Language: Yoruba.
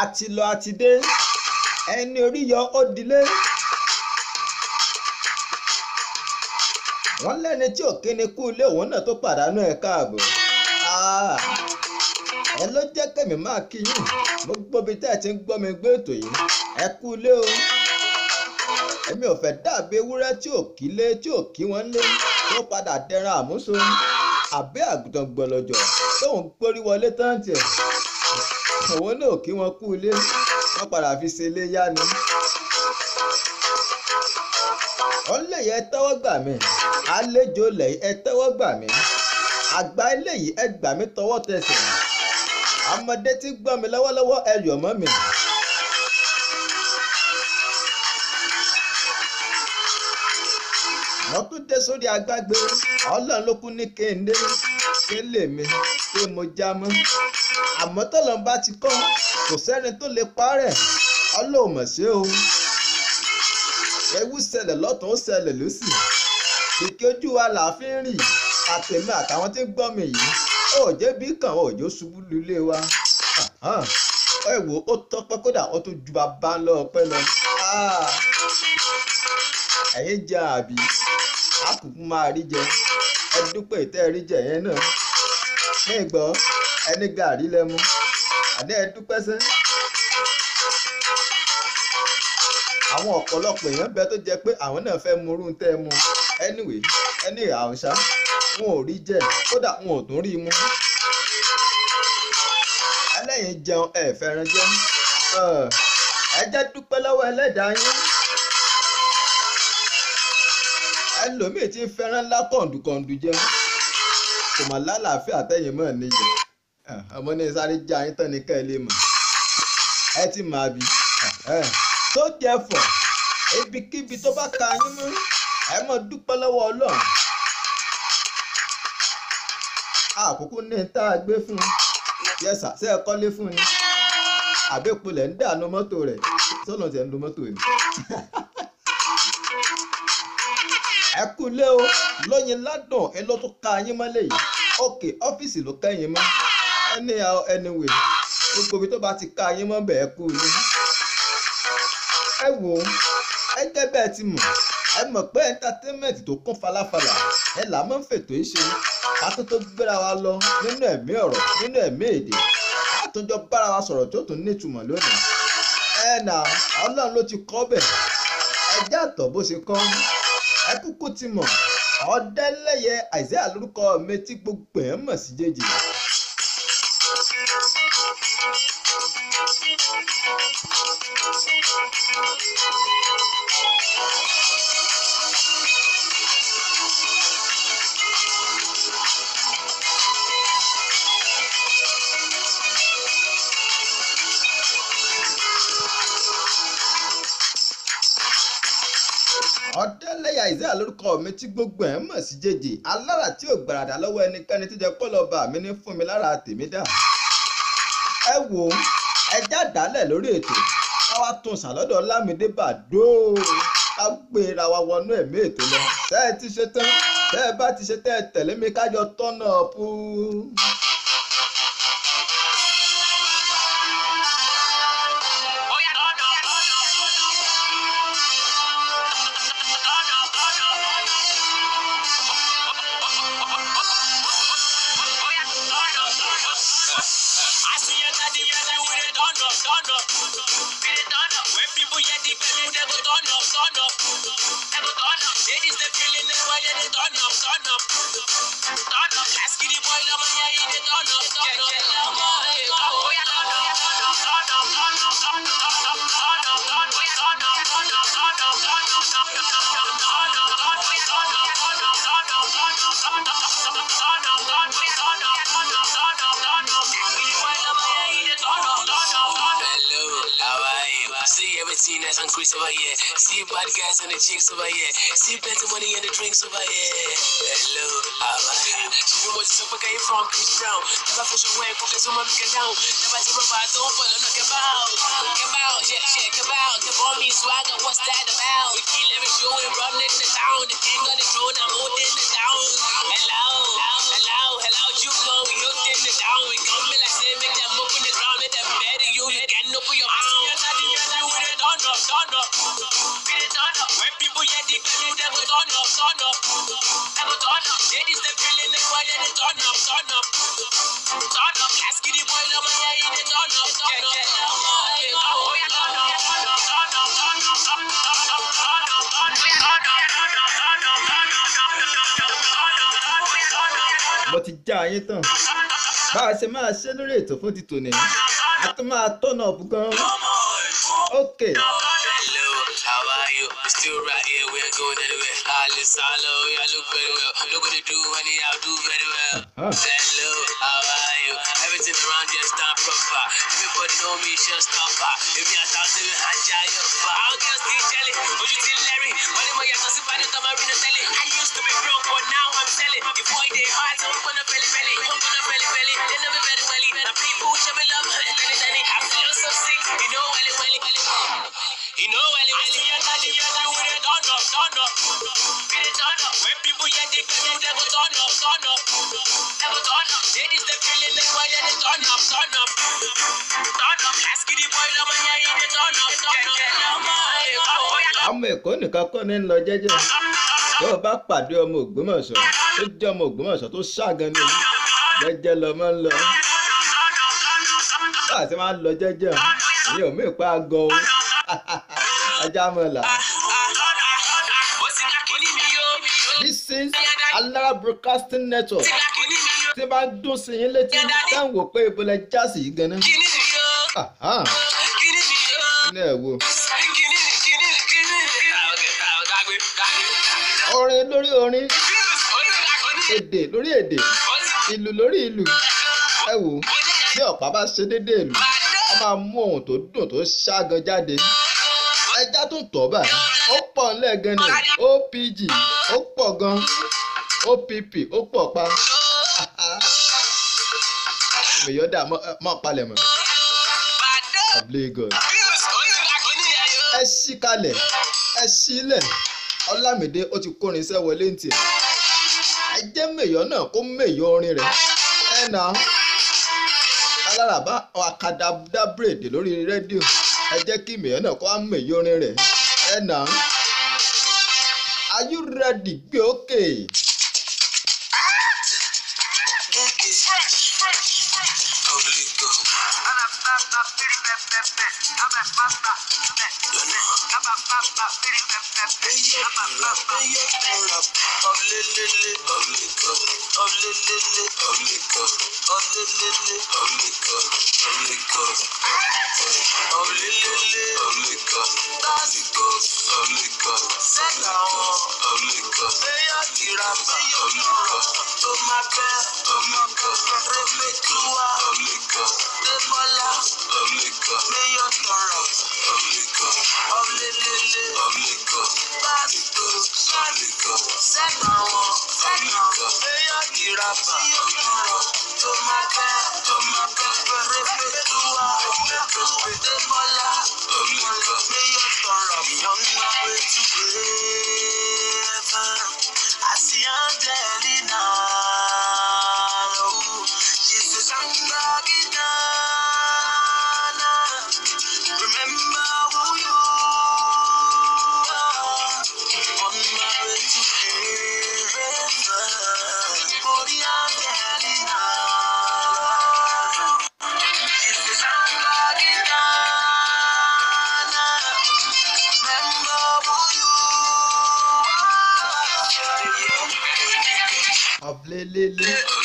àti lọ àti dé ẹni orí yọ ó dilé. wọ́n lẹ́ni tí ò kíni kú ilé òun náà tó pàdánù ẹ̀ káàbọ̀. Ah, ẹ ló jẹ́ kẹ́mi máa kí yín mo gbóbi tẹ́ ẹ ti ń gbọ́ mi gbé ètò yìí ẹ kú ilé o. èmi ò fẹ́ dàbí ewúrẹ́ tí ò kí lé tí ò kí wọ́n lé tó padà dẹran àmúso àbí àgùntàn gbọ̀lọ̀jọ̀ tóun gbórí wọlé tán tiẹ̀ òun náà kí wọ́n kú ilé wọ́n padà fi ṣe ilé yá ni. ọ̀nlẹ̀yẹ tẹ́wọ́ gbà mí àlejò lẹ̀yìn ẹ tẹ́wọ́ gbà mí àgbà eléyìí ẹ gbà mí tọwọ́ tẹsẹ̀ ọmọdé tí gbọ́ mi lọ́wọ́lọ́wọ́ ẹ yọ̀ mọ́ mi. wọ́n tún dé sórí agbágbé ọlọ́run ló kú ní kéńdé kélé mi pé mo já mọ́ àmọ́ tọ́lọ́ bá ti kọ́ kò sẹ́ni tó lè parẹ́ ọlọ́ọ̀mọ̀ ṣe o ewu ṣẹlẹ̀ lọ́tún ó ṣẹlẹ̀ lọ́sì kìkì ojú wa là á fi ń rìn àtẹ̀mí àtàwọn tí ń gbọ́ mi yìí òòjẹ́ bí kàn òòjọ́ ṣubú lulẹ̀ wa ẹ wò ó tọ́pẹ́ kódà ó tún ju bàbá lọ ọpẹ́ lọ ah. ẹ̀yin jẹ àbí àkùkù máa rí jẹ ẹ dúpẹ́ ìtẹ́ jẹ yẹn náà ní ìgbọ́ ẹni gàrí lẹ́mu àdé ẹdúpẹ́sẹ́. àwọn ọ̀pọ̀lọpọ̀ èèyàn bẹ tó jẹ pé àwọn náà fẹ́ murú tẹ́ mu anyway ẹni àwùṣá wọn ò rí jẹ kódà wọn ò tún rí mu. ẹlẹ́yin jẹun ẹ fẹ́ràn jẹ ẹ jẹ́ dúpẹ́ lọ́wọ́ ẹlẹ́dàá yín. ẹlòmíì ti fẹ́ràn lákọ̀ǹdùkọ̀ǹdù jẹun kò lálàáfíà tẹ́yìn mọ́ nìyẹn ọmọ ah, ní sáré já yín tán nìkan ẹ lè mọ̀ ẹ ti mọ̀ àbí. Ah. Eh, so therefore ibikíbi tó bá ka yín mú ẹ mọ̀ dúpẹ́ lọ́wọ́ ọlọ́run àkókò ní tá a gbé fún un yẹsà ṣé ẹ kọ́lé fún un ni àbẹ́kulẹ̀ ń dànù mọ́tò rẹ̀ sọ́nà tẹ̀ ń lo mọ́tò ni. ẹ kú lé o lọ́yìn ládùn ẹ lọ́tún ká yín mọ́lẹ̀ yìí òkè ọ́fíìsì ló ká mọ́ anyhow anyway gbogbo ibi tó bá ti ká yín mọ́ bẹ́ẹ̀ kú ni. ẹ wò ó ẹ jẹ́ bẹ́ẹ̀ ti mọ̀ ẹ mọ̀ pé entertainment tó kún falafala ẹ là máa ń fètò ìṣe kátó tó gbéra wa lọ nínú ẹ̀mí ọ̀rọ̀ nínú ẹ̀mí èdè àtúnjọ bára wa sọ̀rọ̀ tó tún nítumọ̀ lónìí ẹ nà ọlọ́run ló ti kọ́ bẹ̀ ẹ jẹ́ àtọ̀ bó ṣe kọ́ ẹ kúkú ti mọ̀ ọ̀dẹ́lẹ́yẹ àìsíà lórúkọ mi tí gbogbo ẹ̀ mọ̀ sí jẹjẹrẹ. lórúkọ mi tí gbogbo ẹ̀ mọ̀ sí jèjì alára tí ò gbàràdà lọ́wọ́ ẹnikẹ́ni tó jẹ́ kó lọ́ọ́ bá mi ní fún mi lára tèmi dà ẹ wo ẹ já dálẹ̀ lórí ètò ká wá tún sàlọ́dọ̀ lámìdé bàdó ká gbéra wa wọnú ẹ̀mí ètò lọ tẹ́ ti ṣe tán tẹ́ bá ti ṣe tẹ́ ẹ tẹ̀lé mi ká jọ tọ́nà pú. turn up. Get it up. When people hear the they go turn up, turn up. They go turn up. It is the feeling that why they turn up, turn up. Turn up. Ask the boy, the man, yeah, he turn up, turn up. Yeah, yeah, yeah. See everything that's on Chris over here. See bad guys and the chicks over here. See plenty money and the drinks over here. Hello, alright. You know what super guy from Chris Brown. Never push away, focus on my get down. Never to provide, don't follow, no give out. Give out, yeah, yeah, give The bomb is swagger, what's that about? We kill every Jew and run in the town. The king on the throne, I'm holding up, turn up. Never turn up. Ladies, they feeling it, why they turn up, turn up. Turn up. Ask the boy, no man, yeah, he turn up, turn up. Oh, ti já ayé tán bá a ṣe máa ṣe lórí ètò fún ti tòní a tún máa tọ́nà ọ̀bùn gan-an. okay. it solo, yeah, I look very well. Look what you do, honey, I'll do very well. Oh. Hello, how are you? Everything around you is not proper. Everybody know me, just stop by. If you are talking, I'll try your bar. I'll get the jelly, would you tell Larry? What am I going to see? I don't have a telly. I used to be broke, but now I'm selling. The boy, they hard, so I'm gonna belly belly. I'm gonna belly belly. They know me very well. Now people, which I love, turn up, turn up. Never turn up. Ladies, they feeling like why they turn up, turn up. Turn man, yeah, they turn up, turn up. Ọmọ Èkó nìkan kọ́ ni lọ jẹ́jẹ́. Tó o bá pàdé ọmọ Ògbómọ̀ṣọ́, tó jẹ́ ọmọ Ògbómọ̀ṣọ́ tó ṣáàgán ni jẹ́jẹ́ lọ́mọ ń lọ. Báà ti máa ń lọ jẹ́jẹ́ o, ò mí pa aago ajá mọ̀ là. since alára broadcasting network tí bá dún sí yín létí táwọn wò pé ibo lẹ já sí yìí ganan. ilé ẹ̀ wo. orin lórí orin èdè lórí èdè ìlù lórí ìlù ẹ wò bí ọ̀pá bá ṣe déédéé ìlù a máa mú ohun tó dùn tó ṣágan jáde ẹja tó tọ́ báyìí. ó pọ̀ lẹ́ẹ̀gan ni opg ó pọ̀ gan opp ó pọ̀ pa mèyọ́dà mọ̀ palẹ̀ mọ́ abúlégọ̀ ẹ ṣí kalẹ̀ ẹ ṣí ilẹ̀ ó ti kórin iṣẹ́ wọlé ní tiẹ̀ ẹ jẹ́ mèyọ́ náà kó mèyọ́ orin rẹ̀ ẹ̀ náà alárabá akadabraid lórí rédíò ẹ jẹ́ kí mèyọ́ náà and are you ready gbé òkè. Oh, I see I'm deadly now. 50 50.